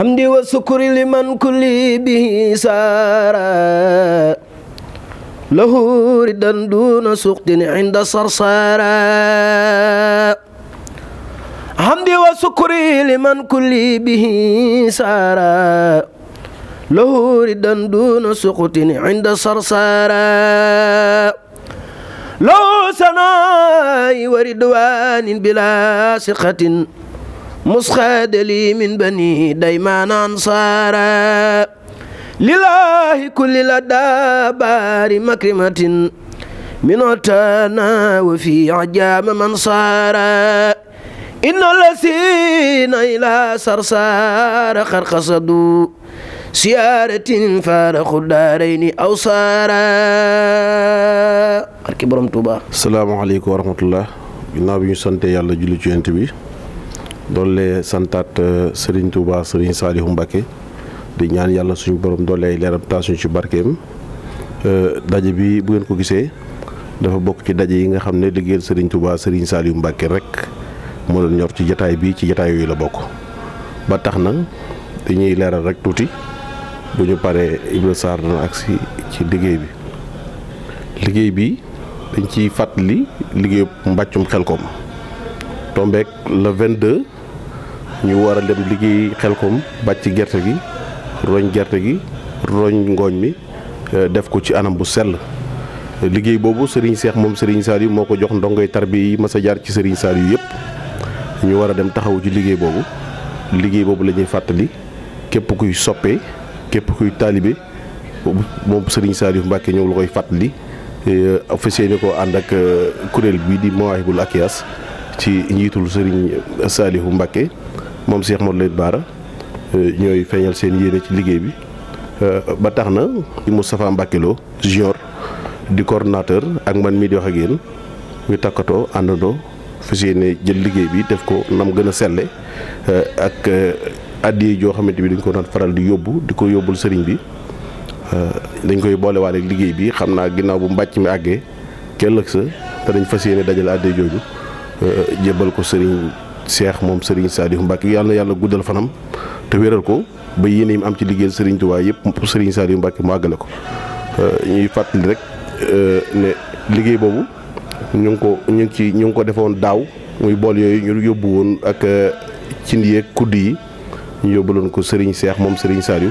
hamdi wa sukuri liman kulli bihi saara lahu ridan bila siqatin مسخاد لي من بني ديمان أنصارا لله كل لدى بار مكرمة من أتانا وفي عجام من صارا إن الذين إلى سرسار خرقصدوا siyaaratin faaraxu daarayni aw saara borom Tuuba asalaamaaleykum wa rahmatullah ginnaaw bi ñu sante yàlla julli ci bi doole santaat euh, Serigne Touba Serigne Saliou Mbacké di ñaan yàlla suñu borom doole ay leeram taasuñ ci barkeem euh, daje bi bu ngeen ko gisee dafa bokk ci daje yi nga xam ne liggéeyal Serigne Touba Serigne Saliou Mbacké rek moo doon ñor ci jataay bi ci jataay yooyu la bokk ba tax na dañuy leeral rek tuuti bu ñu paree Ibra Sarr dana agsi ci liggéey bi liggéey bi dañ ciy fàttali liggéeyu mbàccum Xelkom tombeek le 22 ñu war a dem liggéey xel xelkom bàcc gerte gi roñ gerte gi roñ ngooñ mi euh, def ko ci anam bu sell liggéey boobu Serigne Seex moom Serigne Saliou moo ko jox ndongoy tarbi yi mas a jaar ci Serigne Saliou yëpp ñu war a dem taxawu ci liggéey boobu liggéey boobu la fàttali képp kuy soppee képp kuy taalibe moom Serigne Saliou Mbacke ñëw la koy fàttali euh, fas yéene ko ànd ak euh, kuréel bii di Mawahibul Akyaas ci njiitul Serigne Saliou Mbacke moom Cheikh Modou Layit Baara euh, ñooy feeñal seen yéene ci liggéey bi euh, ba tax na Moustapha Mbacké Lo junior di ordinateur ak man mii di wax ak yéen ñu takkatoo àndandoo fas yéene jël liggéey bi def ko nam gën a selle euh, ak addiye joo xamante bi dañ ko daan faral di yóbbu di ko yóbbul sëriñ bi dañ koy boolewaale ak liggéey bi xam naa ginnaaw bu mbàcc mi àggee ca ëllëg sa te dañ fas yéene dajale addiye jooju jébbal ko sëriñ Cheikh moom Serigne Saliou Mbacke yàlla na yàlla guddal fanam te wéral ko ba yéene yi am ci liggéeyal Serigne Touba yëpp Serigne Saliou Mbacke mu àggale ko euh, ñuy fàttali rek euh, ne liggéey boobu ñu ngi ko ñu ngi ci ñu ngi ko defoon daaw muy bool yooyu ñu yóbbu woon ak euh, cin yeeg kudd yi ñu yóbbu loon ko Serigne Cheikh moom Serigne Saliou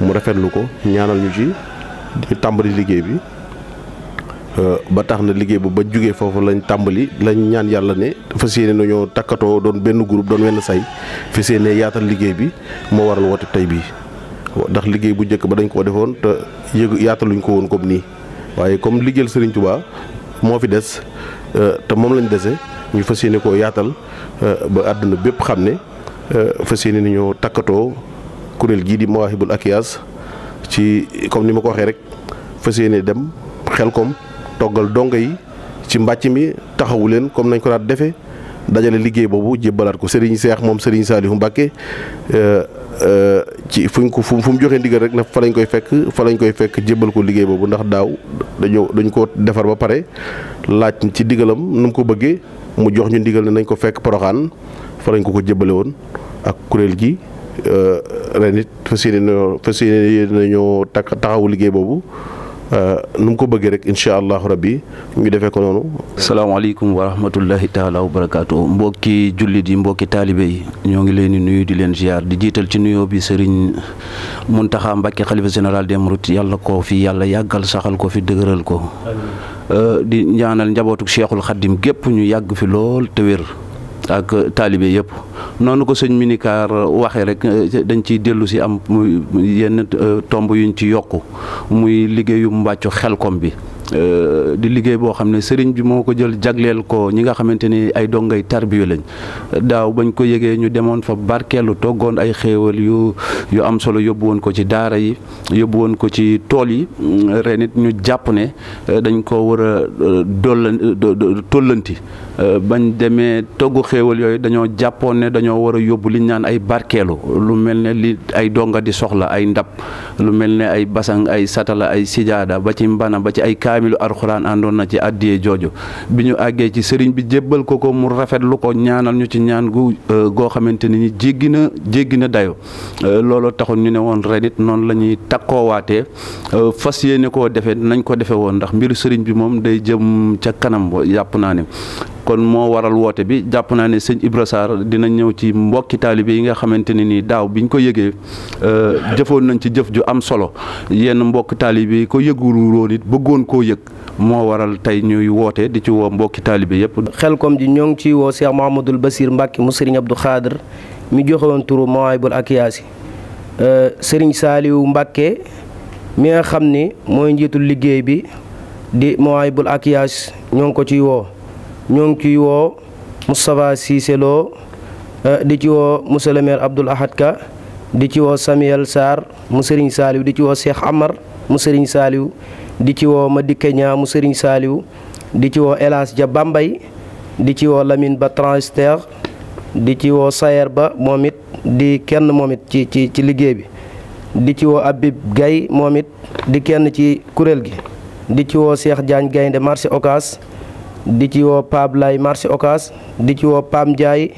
mu rafetlu ko ñaanal ñu ci tàmbali liggéey bi. Euh, ba tax na liggéey bu ba jógee foofu lañ tàmbali lañ ñaan yàlla ne fas yéene nañoo takkatoo doon benn groupe doon wenn say fas yéene yaatal liggéey bi moo waral woote tey bii ndax liggéey bu njëkk ba dañ koo defoon te yëg yaataluñ ko woon comme nii waaye comme liggéeyal Serigne Touba moo fi des euh, te moom lañ dese ñu fas yéene koo yaatal euh, ba àdduna bépp xam ne fas yéene nañoo takkatoo kuréel gii di Mawahibou Akyas ci comme ni ma ko waxee rek fas yéene dem xel kom toggal donga yi ci mbàcc mi taxawu leen comme nañ ko daan defee dajale liggéey boobu jébbalaat ko Serigne Seex moom Serigne Saliou Mbacke euh, euh, ci fuñ ko fu mu joxe ndigal rek na fa lañ koy fekk fa lañ koy fekk jébbal ko liggéey boobu ndax daaw dañoo dañ ko defar ba pare laaj ci ndigalam num ko bëggee mu jox ñu ndigal ne nañ ko fekk Poroxaan fa lañ ko ko jébbale woon ak kuréel gi euh, ren it fas yéene nañoo takk taxawu liggéey boobu. nu mu ko bëggee rek incha allahu rabbi ñu defee ko noonu. salaamaaleykum wa rahmatullahi taala wa barakaatu mbokki jullit yi mbokki taalibe yi ñoo ngi leen di nuyu di leen ziar di jiital ci nuyoo bi sëriñ Muntaxa Mbàkke xalifa général des mourides yàlla ko fi yàlla yàggal saxal ko fi dëgëral ko. Euh, di njaanal njabootu Cheikhul Xaddim gépp ñu yàgg fi lool te wér. ak euh, taalibe yëpp noonu ko sëñ minikar euh, waxee rek euh, dañ ciy dellu si am yenn tomb yuñ ci yokk muy liggéeyu mbàccu xelkom bi Euh, di liggéey boo xam ne sëriñ bi moo ko jël jagleel ko ñi nga xamante ni ay dongay tarbiya lañ daaw bañ ko yëgee ñu demoon fa barkeelu toggoon ay xéewal yu yu am solo yóbbu woon ko ci daara yi yóbbu woon ko ci tool yi mm, ren ñu jàpp ne euh, dañ ko war a euh, dollan tollanti bañ demee togg xéewal yooyu dañoo jàppoon ne dañoo war a yóbbu liñ naan ay barkeelu lu mel ne li ay donga di soxla ay ndab lu mel ne ay basan ay satala ay sijaada ba ci mbana ba ci ay kaay kaamilu alxuraan àndoon na ci àddiyee jooju bi ñu àggee ci sëriñ bi jébbal ko ko mu rafetlu ko ñaanal ñu ci ñaan gu euh, goo xamante ni ñi jéggi na jéggi na dayo euh, looloo taxoon ñu ne woon renit noonu la ñuy takkoowaatee euh, fas yéene koo defee nañ ko defee woon ndax mbiru sëriñ bi moom day jëm ca kanam yàpp naa ne kon moo waral woote bi jàpp naa ne sëñ Ibra dina ñëw ci mbokki taalibe yi nga xamante ne nii daaw bi ñu ko yëgee euh, jëfoon nañ ci jëf ju am solo yenn mbokki taalibe yi ko yëgul woon it bëggoon koo yëg moo waral tey ñuy woote di ci woo mbokki taalibe yëpp. Xelkom ji ñoo ngi ciy woo Cheikh Mouhamadoul Bassir Mbacke mu sëriñ Abdou Khader mi joxe moo turu Mawaahibul Akyaasi euh, sëriñ saaliwu Mbacke mi nga xam ni mooy njiitul liggéey bi di Mawaahibul Akyaasi ñoo ngi ko ciy woo. ñoo ngi ciy woo Moustapha Cissé eh, di ci woo monsieur le maire Abdoul Ahad di ci woo Samuel Sarr mu Serigne Saliou di ci woo Cheikh Amar mu Serigne Saliou di ci woo Madické Niang mu Serigne di ci woo Elas Dia Bambay di ci woo Lamine Ba transfert di ci woo Sayer Ba moom it di kenn moom it ci ci liggéey bi di ci woo Abib Gaye moom it di kenn ci kuréel gi di ci woo Cheikh Diagne Gaynde marché Ocass di ci woo Pape Lay marché Ocass di ci woo Pam njaay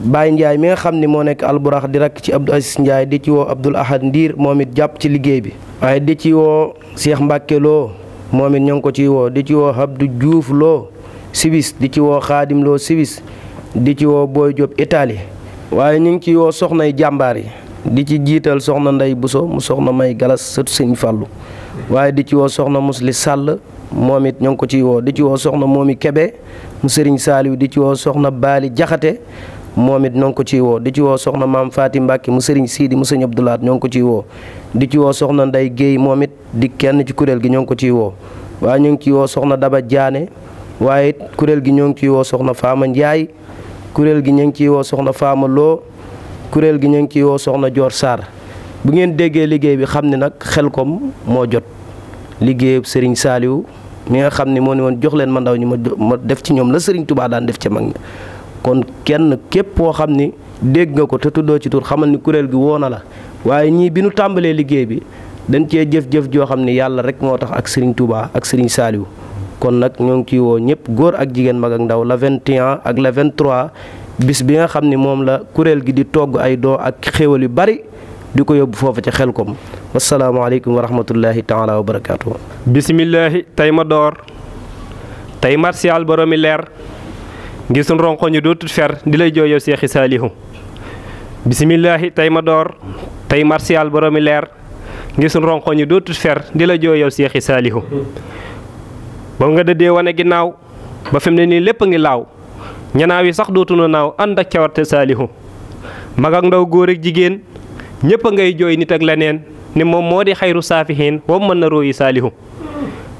Baye Ndiaye mi nga xam ni moo nekk alburax di rakk ci Abdou Aziz Ndiaye di ci woo Abdoul Ahad Ndiir moom it jàpp ci liggéey bi. waaye di ci woo Cheikh Mbacke Lo moom it ñoo ngi ko ciy woo di ci woo Abdou Diouf Lo Suisse di ci woo Khadim Lo Suisse di ci woo Boy Diop Italie waaye ñu ngi ciy woo soxnay jàmbaar yi. di ci jiital soxna Ndey Buso mu soxna May Galas sët Sëñ Fàllu waaye di ci woo soxna Musli Sàll moom it ñoo ngi ko ciy woo di ci woo soxna Momi Kebe mu Serigne Saliou di ci woo soxna Baali Jaxate moom it ñoo ko ci woo di ci woo soxna maam Faati mbàkki mu Serigne Sidi mu Serigne Abdoulaat ñoo ngi ko ciy woo di ci woo soxna Ndey Géey moom di kenn ci kuréel gi ñoo ngi ko ciy woo waaye ñoo ngi ciy woo soxna Daba Jaane waaye kuréel gi ñoo ngi ciy woo soxna Faama Njaay kuréel gi ñoo ngi ciy woo soxna Faama Loo kuréel gi ñoo ngi ciy woo soxna Joor saar bu ngeen déggee liggéey bi xam ne nag Xelcom moo jot liggéeyu Serigne Saliou mi nga xam ni moo ne woon jox leen ma ndaw ñi ma ma def ci ñoom la sëriñ tubaa daan def ci mag ñi kon kenn képp koo xam ni dégg nga ko te tuddoo ci tur xamal ni kuréel gi woona la waaye ñii bi nu tàmbalee liggéey bi dañ cee jëf-jëf joo xam ni yàlla rek moo tax ak sëriñ tubaa ak sëriñ saaliwu kon nag ñoo ngi ciy woo ñëpp góor ak jigéen mag ak ndaw la 21 ak la 23 bis bi nga xam ni moom la kuréel gi di togg ay doo ak xéewal yu bari di ko yóbbu foofu ci xel ko kom wasalaamaaleykum wa rahmatullahi taala wa barakaatu. bisimilahi tey ma door tey martial boromi leer ngir sunu ronko ñu dootul fer di lay jooy seexi saalihu bisimilahi tey ma door tey martial boromi leer ngir sunu ronko ñu dootul fer di la jooy yow seexi saalihu ba nga dëddee wane ginnaaw ba fi ne nii lépp a ngi laaw ñanaaw yi sax dootuñu naaw ànd ak cawarte saalihu mag ak ndaw góor ak jigéen. ñëpp a ngay jooy nit ak leneen ni moom moo di xayru saafihiin wam mën na róoyi saalihu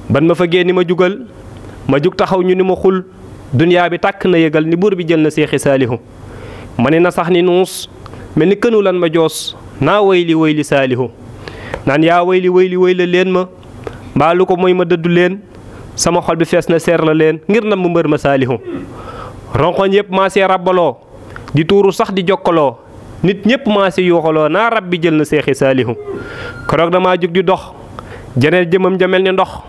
ban ma fa génni ma jugal ma jug taxaw ñu ni ma xul duniyaa bi tàkk na yëgal ni buur bi jël na seexi saalihu ma ne na sax ni nuus mel ni kënu lan ma joos naa wayli wayli saalihu naan yaa wayli wayli wayla leen ma mbaa ko mooy ma dëddu leen sama xol bi fees na seer la leen ngir na mu mbër ma saalihu ronkoñ yëpp maa see rabbaloo di tuuru sax di jokkaloo nit ñëpp maa si yuuxaloo naa rab bi jël na seexi saalihu keroog dama jug di dox janeel jëmam jamel ni ndox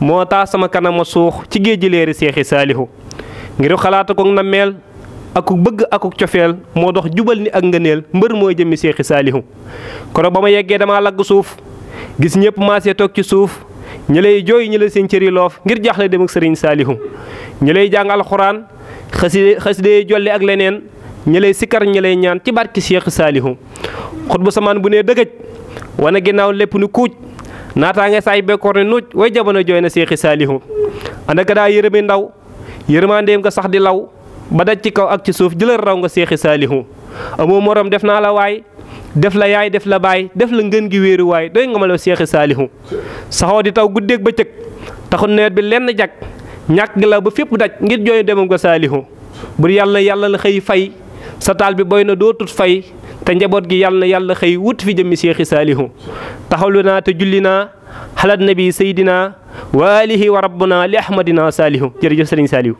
moo taa sama kanama suux ci géej ji leeri seexi saalihu ngir xalaata ko na ak aku bëgg akuk cofeel moo dox jubal ni ak ngëneel mbër moo jëmmi seexi saalihu keroog ba ma yeggee damaa lagg suuf gis ñëpp maa see toog ci suuf ñi lay jooy ñi la seen cëri loof ngir jaaxle dem ak sëriñ saalihu ñi jàng alxuraan xaside xaside jolli ak leneen ñi lay sikkar ñi lay ñaan ci barki Cheikh Saalihu xutbu samaan bu nee dëgëj wane ginnaaw lépp nu kuuj naataa naataange saay bekkoor ne nuuj way jamono jooy na Cheikh Saalihu ana ka daa yërëmi ndaw yërëmaandeem nga sax di law ba daj ci kaw ak ci suuf jëlal raw nga Cheikh Saalihu amoo morom def naa la waaye def la yaay def la baay def la ngën gi wéeru waay doy nga ma la Cheikh Saalihu saxoo di taw guddeeg bëccëg taxul nawet bi lenn jag ñàkk gi la ba fépp daj ngir jooy demam nga Saalihu bur yàlla fay sa taal bi boy na dootut fay te njaboot gi yàlla na yàlla xëy wut fi jëmmi seexi saalihu taxawlu naa te julli naa xalaat nabi seydina wa alihi wa rabbuna li ahmadina saalihu jërëjëf sëriñ saalihu